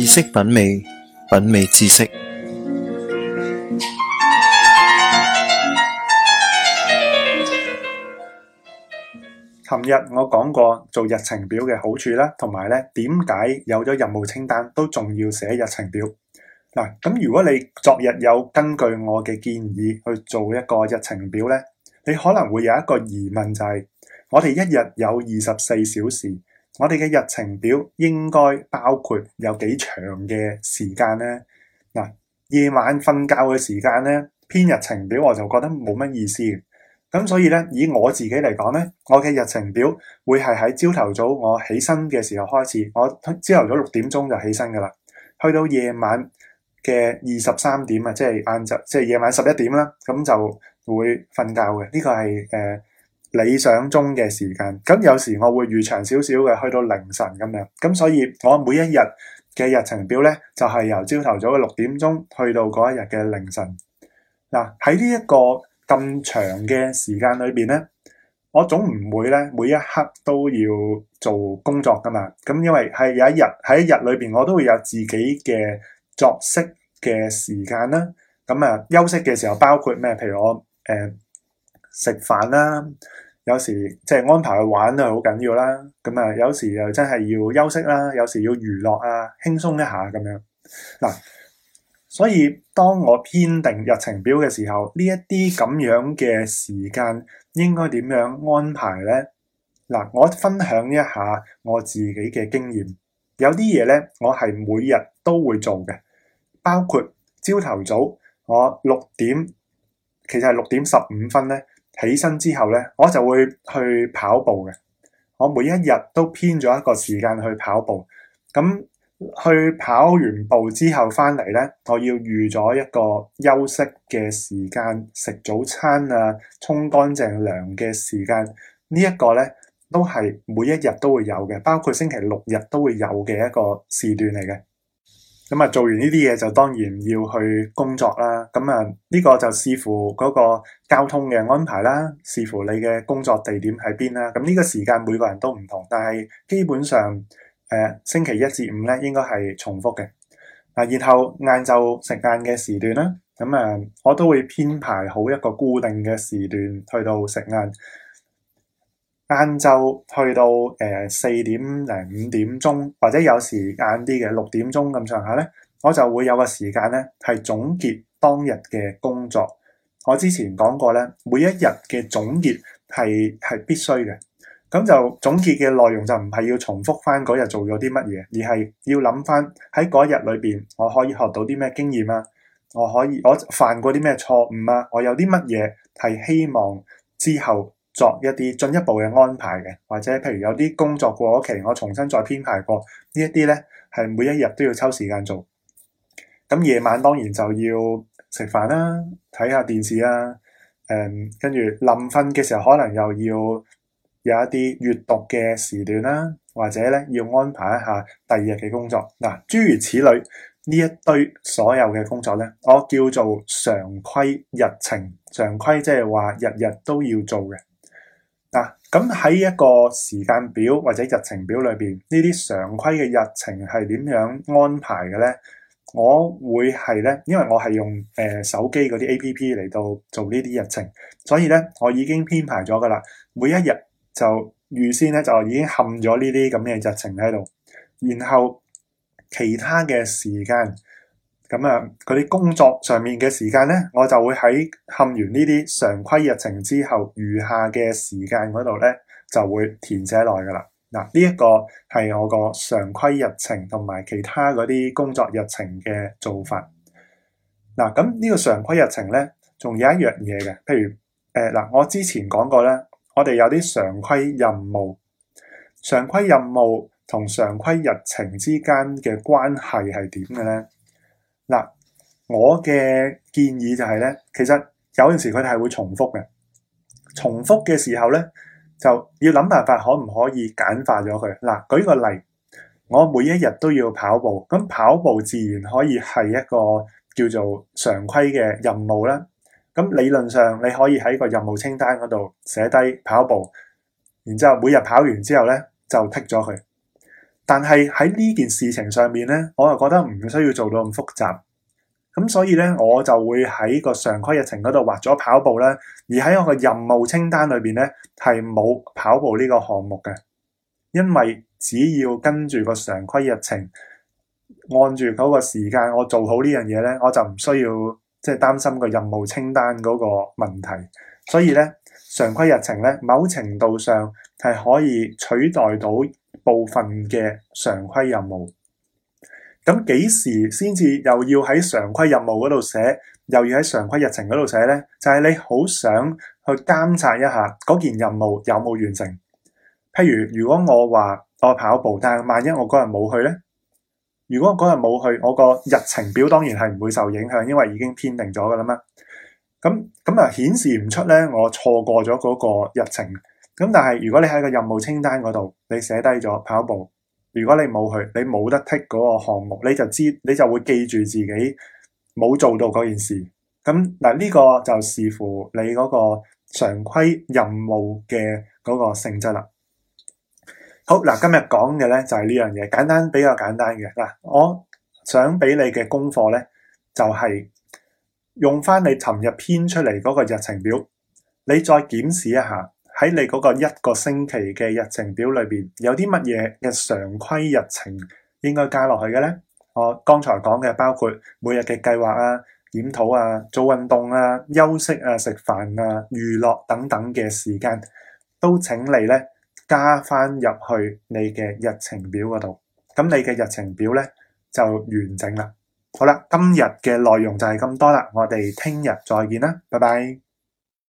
知識品味，品味知識。琴日我講過做日程表嘅好處啦，同埋咧點解有咗任務清單都仲要寫日程表嗱。咁如果你昨日有根據我嘅建議去做一個日程表咧，你可能會有一個疑問，就係，我哋一日有二十四小時。我哋嘅日程表應該包括有幾長嘅時間呢？嗱，夜晚瞓覺嘅時間呢，編日程表我就覺得冇乜意思嘅。咁所以呢，以我自己嚟講呢，我嘅日程表會係喺朝頭早我起身嘅時候開始，我朝頭早六點鐘就起身㗎喇，去到夜晚嘅二十三點啊，即係晏晝，即係夜晚十一點啦，咁就會瞓覺嘅。呢個係誒，理想中嘅時間，咁有時我會預長少少嘅，去到凌晨咁樣。咁所以我每一日嘅日程表呢，就係、是、由朝頭早嘅六點鐘去到嗰一日嘅凌晨。嗱、啊，喺呢一個咁長嘅時間裏邊呢，我總唔會呢每一刻都要做工作噶嘛。咁因為係有一日喺日裏邊，我都會有自己嘅作息嘅時間啦。咁啊，休息嘅時候包括咩？譬如我誒、呃、食飯啦。有時即係安排去玩都係好緊要啦，咁啊有時又真係要休息啦，有時要娛樂啊，輕鬆一下咁樣嗱。所以當我編訂日程表嘅時候，呢一啲咁樣嘅時間應該點樣安排呢？嗱，我分享一下我自己嘅經驗。有啲嘢呢，我係每日都會做嘅，包括朝頭早我六點，其實係六點十五分呢。起身之後咧，我就會去跑步嘅。我每一日都編咗一個時間去跑步。咁去跑完步之後翻嚟咧，我要預咗一個休息嘅時間，食早餐啊，沖乾淨涼嘅時間。這個、呢一個咧都係每一日都會有嘅，包括星期六日都會有嘅一個時段嚟嘅。咁啊，做完呢啲嘢就當然要去工作啦。咁啊，呢個就視乎嗰個交通嘅安排啦，視乎你嘅工作地點喺邊啦。咁、這、呢個時間每個人都唔同，但係基本上，誒、呃，星期一至五咧應該係重複嘅。嗱，然後晏晝食晏嘅時段啦，咁、嗯、啊，我都會編排好一個固定嘅時段去到食晏。晏晝去到誒四點零五點鐘，或者有時晏啲嘅六點鐘咁上下咧，我就會有個時間咧，係總結當日嘅工作。我之前講過咧，每一日嘅總結係係必須嘅。咁就總結嘅內容就唔係要重複翻嗰日做咗啲乜嘢，而係要諗翻喺嗰日裏邊，我可以學到啲咩經驗啊？我可以我犯過啲咩錯誤啊？我有啲乜嘢係希望之後作一啲進一步嘅安排嘅，或者譬如有啲工作過期，我重新再編排過呢一啲咧，係每一日都要抽時間做。咁夜晚當然就要食飯啦、啊，睇下電視啊，誒、嗯、跟住臨瞓嘅時候可能又要有一啲閱讀嘅時段啦、啊，或者咧要安排一下第二日嘅工作嗱，諸如此類呢一堆所有嘅工作咧，我叫做常規日程，常規即係話日日都要做嘅。嗱，咁喺、啊、一個時間表或者日程表裏邊，呢啲常規嘅日程係點樣安排嘅咧？我會係咧，因為我係用誒、呃、手機嗰啲 A P P 嚟到做呢啲日程，所以咧我已經編排咗噶啦，每一日就預先咧就已經冚咗呢啲咁嘅日程喺度，然後其他嘅時間。咁啊，佢啲、嗯、工作上面嘅時間咧，我就會喺冚完呢啲常規日程之後，餘下嘅時間嗰度咧就會填寫落嚟噶啦。嗱、嗯，呢、這、一個係我常、嗯、個常規日程同埋其他嗰啲工作日程嘅做法。嗱，咁呢個常規日程咧，仲有一樣嘢嘅，譬如誒嗱、呃，我之前講過咧，我哋有啲常規任務，常規任務同常規日程之間嘅關係係點嘅咧？嗱，我嘅建議就係咧，其實有陣時佢哋係會重複嘅，重複嘅時候咧，就要諗辦法可唔可以簡化咗佢。嗱，舉個例，我每一日都要跑步，咁跑步自然可以係一個叫做常規嘅任務啦。咁理論上你可以喺個任務清單嗰度寫低跑步，然之後每日跑完之後咧就剔咗佢。但係喺呢件事情上面咧，我又覺得唔需要做到咁複雜。咁所以咧，我就會喺個常規日程嗰度劃咗跑步啦。而喺我個任務清單裏邊咧，係冇跑步呢個項目嘅。因為只要跟住個常規日程，按住嗰個時間，我做好呢樣嘢咧，我就唔需要即係擔心個任務清單嗰個問題。所以咧，常規日程咧，某程度上係可以取代到部分嘅常規任務，咁幾時先至又要喺常規任務嗰度寫，又要喺常規日程嗰度寫呢？就係你好想去監察一下嗰件任務有冇完成。譬如如果我話我跑步，但係萬一我嗰日冇去呢？如果我嗰日冇去，我個日程表當然係唔會受影響，因為已經編定咗噶啦嘛。咁咁啊，顯示唔出呢，我錯過咗嗰個日程。咁但係如果你喺個任務清單嗰度，你寫低咗跑步，如果你冇去，你冇得剔嗰個項目，你就知你就會記住自己冇做到嗰件事。咁嗱，呢個就視乎你嗰個常規任務嘅嗰個性質啦。好嗱，今日講嘅咧就係呢樣嘢，簡單，比較簡單嘅嗱，我想俾你嘅功課咧就係用翻你尋日編出嚟嗰個日程表，你再檢視一下。喺你嗰個一個星期嘅日程表裏邊，有啲乜嘢嘅常規日程應該加落去嘅咧？我剛才講嘅包括每日嘅計劃啊、檢討啊、做運動啊、休息啊、食飯啊、娛樂等等嘅時間，都請你咧加返入去你嘅日程表嗰度。咁你嘅日程表咧就完整啦。好啦，今日嘅內容就係咁多啦，我哋聽日再見啦，拜拜。